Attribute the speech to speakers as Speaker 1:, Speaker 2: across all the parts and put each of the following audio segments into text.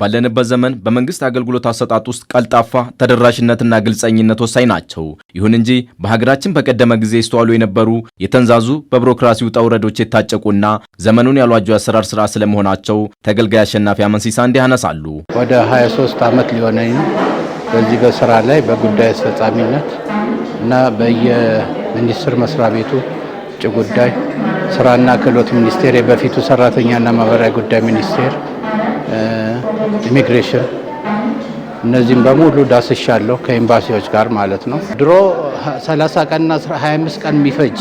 Speaker 1: ባለንበት ዘመን በመንግስት አገልግሎት አሰጣጥ ውስጥ ቀልጣፋ ተደራሽነትና ግልጸኝነት ወሳኝ ናቸው። ይሁን እንጂ በሀገራችን በቀደመ ጊዜ ይስተዋሉ የነበሩ የተንዛዙ በቢሮክራሲ ውጣ ውረዶች የታጨቁና ዘመኑን ያሏጁ የአሰራር ስራ ስለመሆናቸው ተገልጋይ አሸናፊ አመንሲሳ እንዲህ ያነሳሉ።
Speaker 2: ወደ 23 ዓመት ሊሆነኝ በዚህ በስራ ላይ በጉዳይ አስፈጻሚነት እና በየሚኒስትር መስሪያ ቤቱ ውጭ ጉዳይ ስራና ክህሎት ሚኒስቴር፣ የበፊቱ ሰራተኛና ማህበራዊ ጉዳይ ሚኒስቴር ኢሚግሬሽን እነዚህም በሙሉ ዳስሻለሁ ከኤምባሲዎች ጋር ማለት ነው። ድሮ 30 ቀንና 25 ቀን የሚፈጅ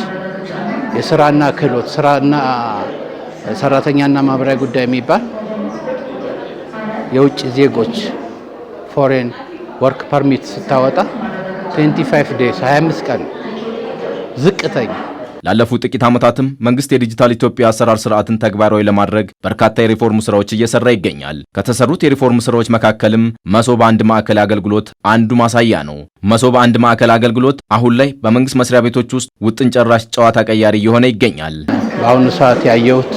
Speaker 2: የስራና ክህሎት ስራና ሰራተኛና ማህበራዊ ጉዳይ የሚባል የውጭ ዜጎች ፎሬን ወርክ ፐርሚት ስታወጣ 25 ዴይስ 25 ቀን ዝቅተኛ
Speaker 1: ላለፉት ጥቂት ዓመታትም መንግስት የዲጂታል ኢትዮጵያ አሰራር ስርዓትን ተግባራዊ ለማድረግ በርካታ የሪፎርም ስራዎች እየሰራ ይገኛል። ከተሰሩት የሪፎርም ስራዎች መካከልም መሶብ አንድ ማዕከል አገልግሎት አንዱ ማሳያ ነው። መሶብ አንድ ማዕከል አገልግሎት አሁን ላይ በመንግስት መስሪያ ቤቶች ውስጥ ውጥን ጨራሽ ጨዋታ ቀያሪ እየሆነ ይገኛል።
Speaker 2: በአሁኑ ሰዓት ያየሁት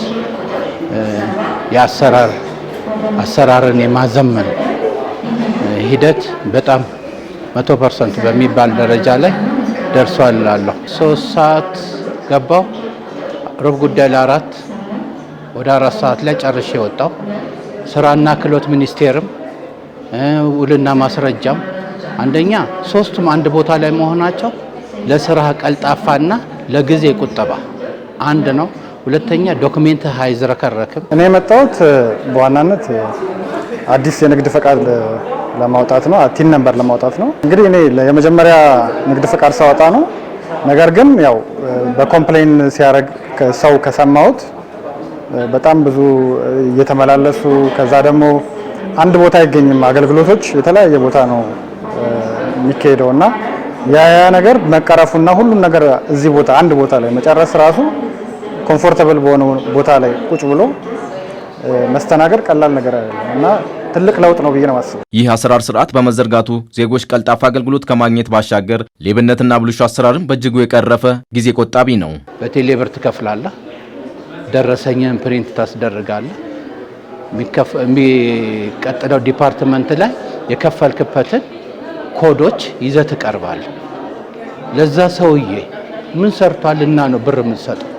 Speaker 2: የአሰራር አሰራርን የማዘመን ሂደት በጣም መቶ ፐርሰንት በሚባል ደረጃ ላይ ደርሷል። ላለሁ ሶስት ሰዓት ገባው። ሩብ ጉዳይ ለአራት ወደ አራት ሰዓት ላይ ጨርሼ የወጣው ስራና ክህሎት ሚኒስቴርም ውልና ማስረጃም አንደኛ ሶስቱም አንድ ቦታ ላይ መሆናቸው ለስራ ቀልጣፋና ለጊዜ ቁጠባ አንድ ነው። ሁለተኛ ዶክሜንት አይዝረከረክም።
Speaker 3: እኔ የመጣሁት በዋናነት አዲስ የንግድ ፈቃድ ለማውጣት ነው፣ ቲን ነምበር ለማውጣት ነው። እንግዲህ እኔ የመጀመሪያ ንግድ ፈቃድ ሳወጣ ነው ነገር ግን ያው በኮምፕሌን ሲያደርግ ሰው ከሰማሁት በጣም ብዙ እየተመላለሱ ከዛ ደግሞ አንድ ቦታ አይገኝም። አገልግሎቶች የተለያየ ቦታ ነው የሚካሄደው እና ያ ያ ነገር መቀረፉና ሁሉም ነገር እዚህ ቦታ አንድ ቦታ ላይ መጨረስ ራሱ ኮምፎርተብል በሆነ ቦታ ላይ ቁጭ ብሎ መስተናገድ ቀላል ነገር አይደለም እና ትልቅ ለውጥ ነው ብዬ ነው የማስበው።
Speaker 1: ይህ አሰራር ስርዓት በመዘርጋቱ ዜጎች ቀልጣፋ አገልግሎት ከማግኘት ባሻገር ሌብነትና ብልሹ አሰራርን በእጅጉ የቀረፈ ጊዜ ቆጣቢ ነው።
Speaker 2: በቴሌ ብር ትከፍላለህ፣ ደረሰኝን ፕሪንት ታስደርጋለህ። የሚቀጥለው ዲፓርትመንት ላይ የከፈልክበትን ኮዶች ይዘህ ትቀርባለህ። ለዛ ሰውዬ ምን ሰርቷልና ነው ብር የምንሰጠው?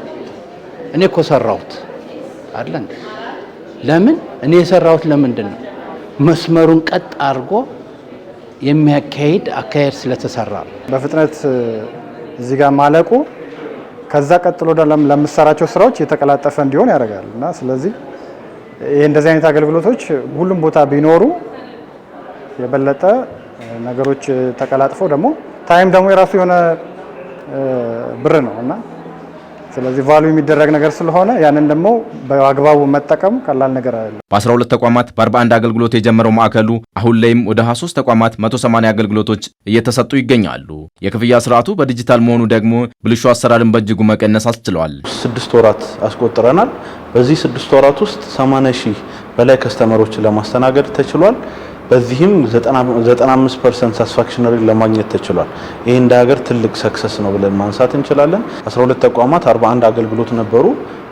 Speaker 2: እኔ እኮ ሰራሁት ለምን እኔ የሰራሁት ለምንድን ነው? መስመሩን ቀጥ አድርጎ የሚያካሄድ አካሄድ ስለተሰራ ነው።
Speaker 3: በፍጥነት እዚህ ጋር ማለቁ ከዛ ቀጥሎ ለምሰራቸው ስራዎች የተቀላጠፈ እንዲሆን ያደርጋል እና ስለዚህ ይህ እንደዚህ አይነት አገልግሎቶች ሁሉም ቦታ ቢኖሩ የበለጠ ነገሮች ተቀላጥፈው ደግሞ ታይም ደግሞ የራሱ የሆነ ብር ነው እና ስለዚህ ቫሉ የሚደረግ ነገር ስለሆነ ያንን ደግሞ በአግባቡ መጠቀም ቀላል ነገር አይደለም።
Speaker 1: በ12 ተቋማት በ41 አገልግሎት የጀመረው ማዕከሉ አሁን ላይም ወደ 23 ተቋማት 180 አገልግሎቶች እየተሰጡ ይገኛሉ። የክፍያ ስርዓቱ በዲጂታል መሆኑ ደግሞ ብልሹ አሰራርን በእጅጉ መቀነስ አስችለዋል።
Speaker 4: ስድስት ወራት አስቆጥረናል። በዚህ ስድስት ወራት ውስጥ 80 ሺህ በላይ ከስተመሮችን ለማስተናገድ ተችሏል። በዚህም 95 ፐርሰንት ሳስፋክሽነሪ ለማግኘት ተችሏል። ይህ እንደ ሀገር ትልቅ ሰክሰስ ነው ብለን ማንሳት እንችላለን። 12 ተቋማት 41 አገልግሎት ነበሩ።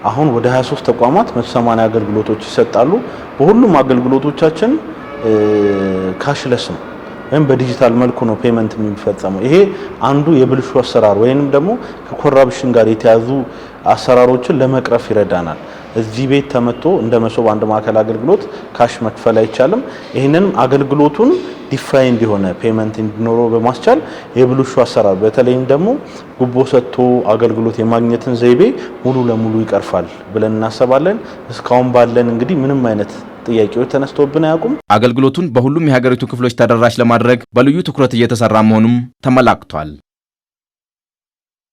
Speaker 4: አሁን ወደ 23 ተቋማት 180 አገልግሎቶች ይሰጣሉ። በሁሉም አገልግሎቶቻችን ካሽለስ ነው ወይም በዲጂታል መልኩ ነው ፔመንት የሚፈጸመው። ይሄ አንዱ የብልሹ አሰራር ወይንም ደግሞ ከኮራፕሽን ጋር የተያዙ አሰራሮችን ለመቅረፍ ይረዳናል። እዚህ ቤት ተመቶ እንደ መሶብ አንድ ማዕከል አገልግሎት ካሽ መክፈል አይቻልም። ይህንንም አገልግሎቱን ዲፋይንድ የሆነ ፔመንት እንዲኖረው በማስቻል የብልሹ አሰራር በተለይም ደግሞ ጉቦ ሰጥቶ አገልግሎት የማግኘትን ዘይቤ ሙሉ ለሙሉ ይቀርፋል ብለን እናስባለን። እስካሁን ባለን እንግዲህ ምንም አይነት ጥያቄዎች ተነስቶብን አያውቁም።
Speaker 1: አገልግሎቱን በሁሉም የሀገሪቱ ክፍሎች ተደራሽ ለማድረግ በልዩ ትኩረት እየተሰራ መሆኑም ተመላክቷል።